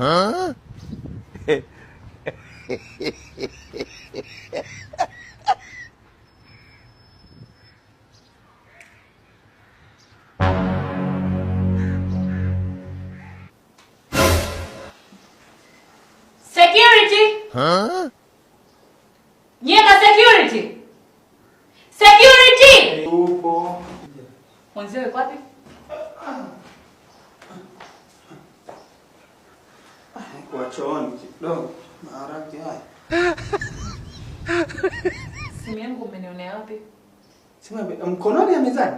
Huh? Security! Huh? Simu yangu umenionea wapi? Simu ya mkononi ya mezani?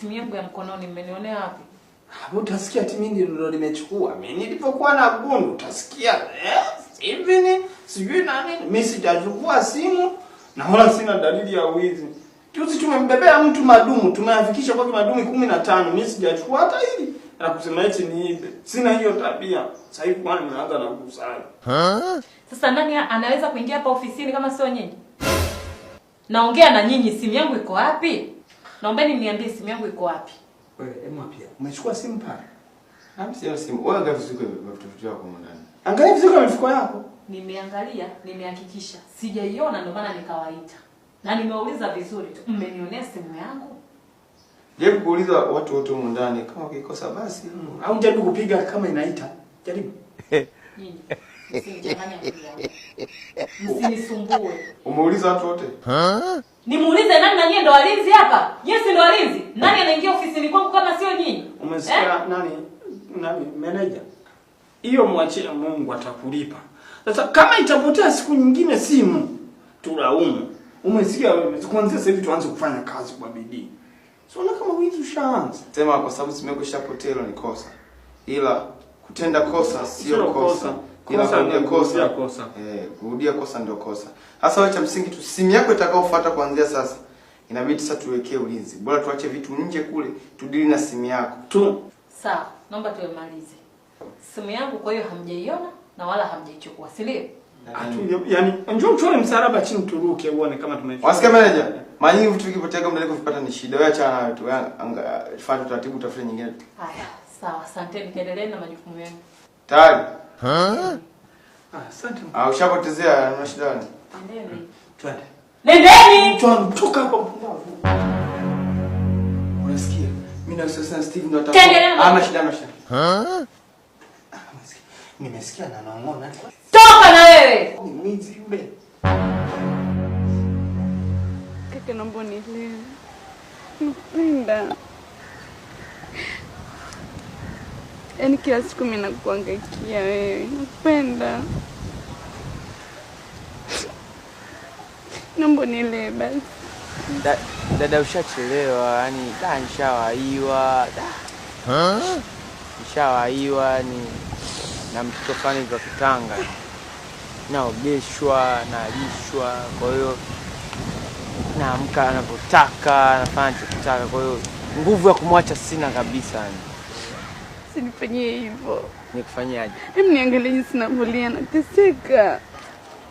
Simu yangu ya mkononi umenionea wapi? Hapo ah, utasikia ati mimi ndio nimechukua. Mimi nilipokuwa na gundu utasikia eh, hivi ni sijui nani, mimi sijachukua simu na wala sina dalili ya wizi. Tuzi tumembebea mtu madumu, tumeafikisha kwa madumu 15. Mimi sijachukua hata hili na kusema eti niibe. Sina hiyo tabia. Sasa hivi bwana nimeanza na kusali. Huh? Sasa nani anaweza kuingia hapa ofisini kama sio nyinyi? Naongea na nyinyi, simu yangu iko wapi? Naombeni niambie simu yangu iko wapi? Wewe hebu pia. Umechukua simu pale? Hapo sio simu. Wewe angalia vizuri vitu vitu vyako huko ndani. Angalia vizuri mifuko yako. Nimeangalia, nimehakikisha. Sijaiona ndio maana nikawaita. Na nimeuliza vizuri tu, mmenionea simu yangu? Jaribu kuuliza watu wote humu ndani kama ukikosa basi mm. au jaribu kupiga kama inaita. Jaribu. Msinisumbue. Umeuliza watu wote? Ha? Nimuulize nani na nyie ndo walinzi hapa? Nyie ndo walinzi? Nani anaingia ofisini kwangu kama sio nyinyi? Umesikia eh? Nani? Nani manager? Hiyo mwachie Mungu atakulipa. Sasa kama itapotea siku nyingine simu tulaumu. Umesikia? wewe? Kwanza sasa hivi tuanze kufanya kazi kwa bidii. Sona kama wivu ushaanza. Sema kwa sababu simu yako ishapotea ni kosa. Ila kutenda kosa sio kosa. Ila kurudia kosa. kosa. Eh, kurudia kosa ndio kosa. Hasa wewe cha msingi tu simu yako itakaofuata kuanzia sasa. Inabidi sasa tuwekee ulinzi. Bora tuache vitu nje kule, tudili na simu yako. Tu. Sawa, naomba tuwemalize. Simu yangu kwa hiyo hamjaiona na wala hamjaichukua, si yani njoo mchore msalaba chini Uturuki uone kama tumefika. Wasikia manager, Mara nyingi vitu vikipoteka muda kuvipata ni shida. Wewe achana nayo tu. Fuata taratibu utafute nyingine. Haya, sawa. Asante, nikaendelee na majukumu yangu. Tayari. Ha? Ah, asante. Ah, ushapotezea na shida gani? Nendeni. Twende. Nendeni. Twende toka hapa mpumbavu. Unasikia? Mimi na sasa Steve ndo atakuwa. Ama shida ama shida. Ha? Ah, Nimesikia na naongona. Ondoka na wewe. Mwizi yule. Kaka, naomba nielewe. Nakupenda. Yaani kila siku mimi nakuangaikia wewe. Nakupenda. Naomba nielewe basi. Da, ushachelewa, yani da nishawaiwa. Da. Huh? Nishawaiwa ni na mtoto fani za kitanga naogeshwa, nalishwa, kwa hiyo naamka anavyotaka, anafanya anachotaka, kwa hiyo nguvu ya kumwacha sina kabisa. Sinifanyie hivyo, nikufanyiaje? Hem, niangalie jinsi navyolia, nateseka.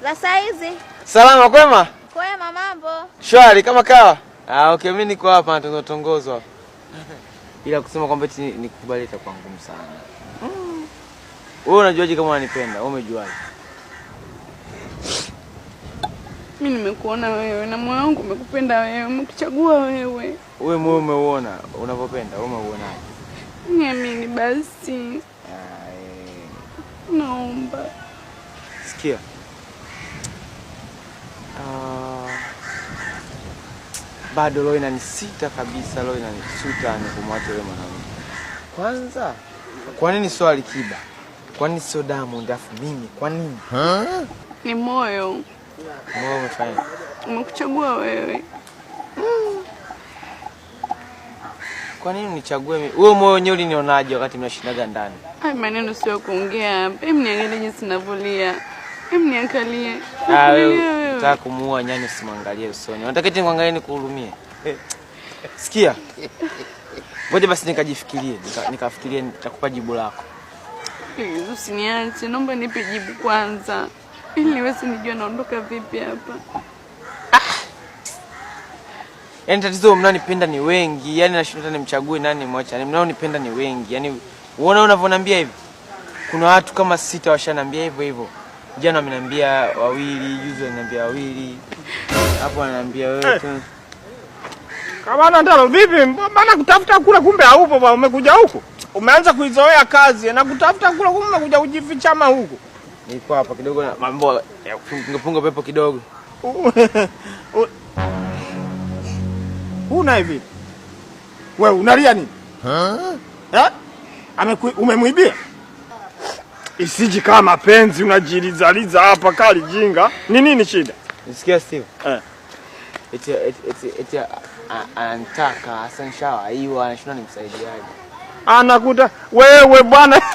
La saa salama, kwema? Kwema, mambo shwari kama kawa. Ah, okay, mimi niko hapa natongozwa ila kusema kwamba ni nikukubali itakuwa ngumu sana. Mm. Wewe unajuaje kama unanipenda? Wewe umejuaje? mi nimekuona wewe na moyo wangu umekupenda wewe, umekuchagua wewe. Wewe moyo umeuona unavyopenda, umeuonaje? Niamini basi. Naomba sikia, uh, bado leo inanisita kabisa, leo inanisuta ni kumwacha yule mwanamke. Kwanza, kwa nini swali kiba? Kwa nini sio Diamond afu mimi? Kwa nini? Ni moyo Mungu umefanya. Nimekuchagua wewe. Kwa nini unichague mimi? Wewe moyo wenyewe ulinionaje wakati mnashindaga ndani? Ai, maneno sio ya kuongea. Hebu niangalie jinsi ninavyolia. Hebu niangalie. Ah, wewe unataka kumuua nyani usimwangalie usoni. Unataka eti niangalie nikuhurumie? Eh, sikia. Ngoja basi nikajifikirie, nikafikirie nitakupa jibu lako. Eh, usiniache, naomba nipe jibu kwanza ili niwezi nijue naondoka vipi hapa. Ah. Yaani tatizo mnaonipenda ni wengi, yaani nashindwa nimchague nani mmoja. Yaani mnaonipenda ni wengi. Yaani uona unavyoniambia hivi? Kuna watu kama sita washanambia hivyo hivyo. Jana wameniambia wawili, juzi wameniambia wawili. Hapo wananiambia wewe tu. Kama ana ndalo vipi? Maana kutafuta kula kumbe haupo, ba, umekuja huko. Umeanza kuizoea kazi na kutafuta kula kumbe umekuja kujifichama huko. Niko hapa kidogo na mambo ya kupunga pepo kidogo. Una hivi? Wewe unalia nini? Eh? Umemwibia? Isiji kama mapenzi unajilizaliza hapa kali jinga. Ni nini shida? Nisikia Steve. Eh. Eti eti eti anataka Hassan Shawa hiyo anashindwa nimsaidiaje? Anakuta wewe bwana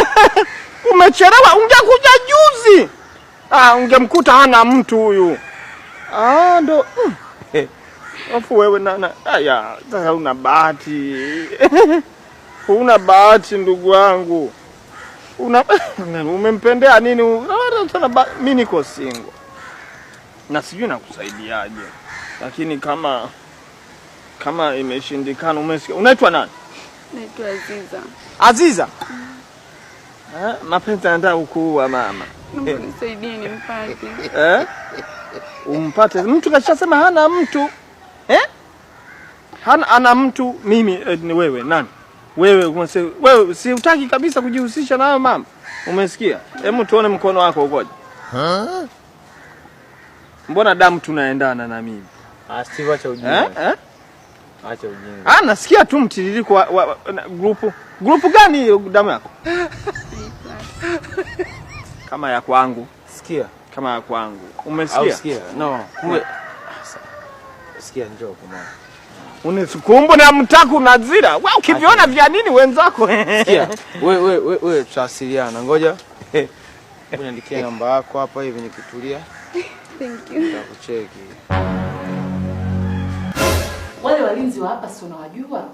Umechelewa, ungekuja juzi. Ah, ungemkuta hana mtu huyu. Ah, ndo hmm. eh, afu wewe nana, aya, sasa una bahati una bahati ndugu wangu, una umempendea nini? Mimi niko single na sijui nakusaidiaje, lakini kama kama imeshindikana, umesikia unaitwa nani? Naitwa Aziza. Aziza? Mm. Mapenzi anataka kukuua mama. Nisaidie nimpate. Eh? Umpate mtu kashasema hana mtu eh? Hana ana mtu mimi eh, ni wewe nani? Wewe umese, wewe si utaki kabisa kujihusisha nayo mama. Umesikia? Hebu tuone mkono wako ukoje. Mbona damu tunaendana na mimi? Ah, si wacha ujinga. Eh? eh? Acha ujinga. Ah, nasikia tu mtiririko wa, wa, wa grupu. Grupu gani damu yako? kama ya kwangu. Sikia, kama ya kwangu. Umesikia? Sikia. No. Kule. Ah, sikia, njoo kwa mama. Unisukumbu na mtaku na zira. Wewe ukiviona vya nini wenzako? Sikia. Wewe wewe wewe tutasiliana. Ngoja. Hebu niandikie namba yako hapa hivi nikitulia. Thank you. Nitakucheki. Wale walinzi wa hapa si unawajua?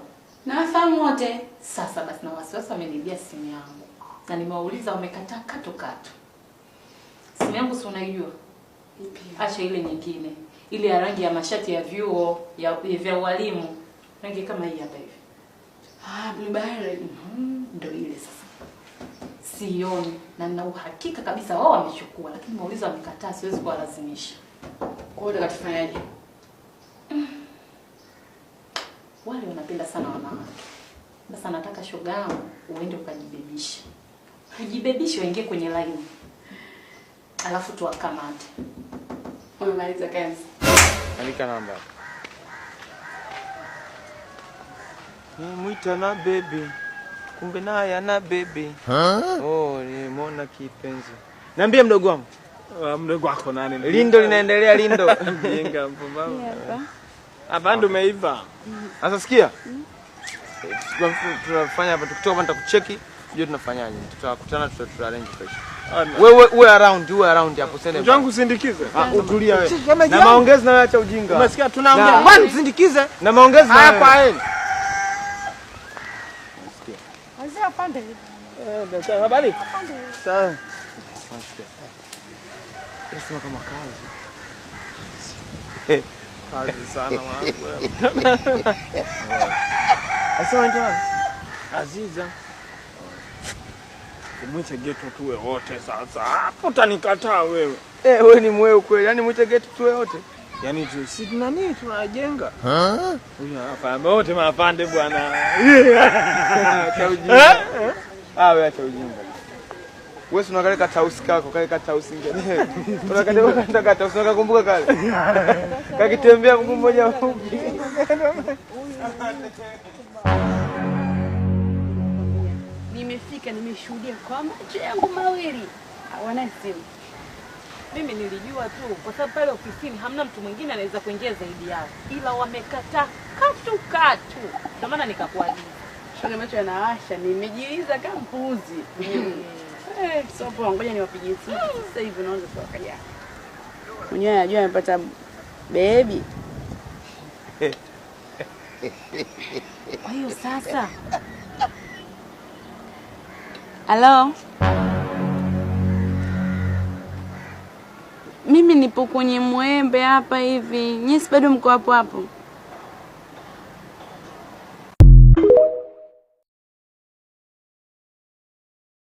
Nawafahamu wote. Sasa basi na wasiwasi ameniibia simu yangu na nimewauliza wamekataa kato kato. Simu yangu si unaijua? Acha ile nyingine, ile ya rangi ya mashati ya vyuo ya, vya walimu, rangi kama hii hapa hivi. Ah, blue bahari. Mhm, ndio ile sasa. Sioni na nina uhakika kabisa wao wamechukua, lakini nimeuliza wamekataa, siwezi kuwalazimisha. Kwa hiyo utakachofanyaje? Wale wanapenda sana wanawake. Sasa nataka shoga uende ukajibebisha. Tujibebishi waingie kwenye laini, alafu tuwakamate. Umemaliza kazi? Andika namba. Mwita na bebe, kumbe naye na bebe. Oh, nimeona kipenzi. Niambie mdogo wangu. Ah, mdogo wako nani? Lindo linaendelea Lindo. Jenga mpumbavu. Hapa ndo umeiva. Mm. Sasa sikia. Mm. Tunafanya hapa tukitoka hapa nitakucheki. Sijui tunafanyaje. Tutakutana tutaarrange kesho. Ah, wewe uwe around, uwe around hapo sasa. Mjomba wangu sindikize. Ah, Utulia wewe. Na maongezi na acha ujinga. Umesikia tunaongea. Bwana sindikize. Na maongezi na hapa yeye. Anzia pande. Eh, daktari habari? Sawa. Sasa kama kazi. Kazi sana mwanangu. Asante. Aziza. Mwiche getu tuwe wote sasa. Hapo utanikataa wewe. Eh, wewe ni mweu kweli. Yaani mwiche getu tuwe wote. Yaani tu si tuna tunajenga? Ah? Huyo hapa wote mapande bwana. Ah, wewe acha ujinga. Wewe si unaangalia kata kako, kale kata house ingine. Unaangalia kata kata kale. Kakitembea mguu mmoja mfupi. nimefika, nimeshuhudia kwa macho yangu mawili. Hawana simu. Mimi nilijua tu kwa sababu pale ofisini hamna mtu mwingine anaweza kuingia zaidi yao, ila wamekataa katu katu, ndio maana nikakuagiza. Shule macho yanawasha, nimejiuliza kama mpuzi. Mm. Eh, ngoja niwapigie simu sasa hivi, naanza kuwakaja. Mwenyewe anajua amepata bebi. Kwa hiyo sasa Halo, mimi nipo kwenye mwembe hapa hivi. Nyesi bado mko hapo hapo?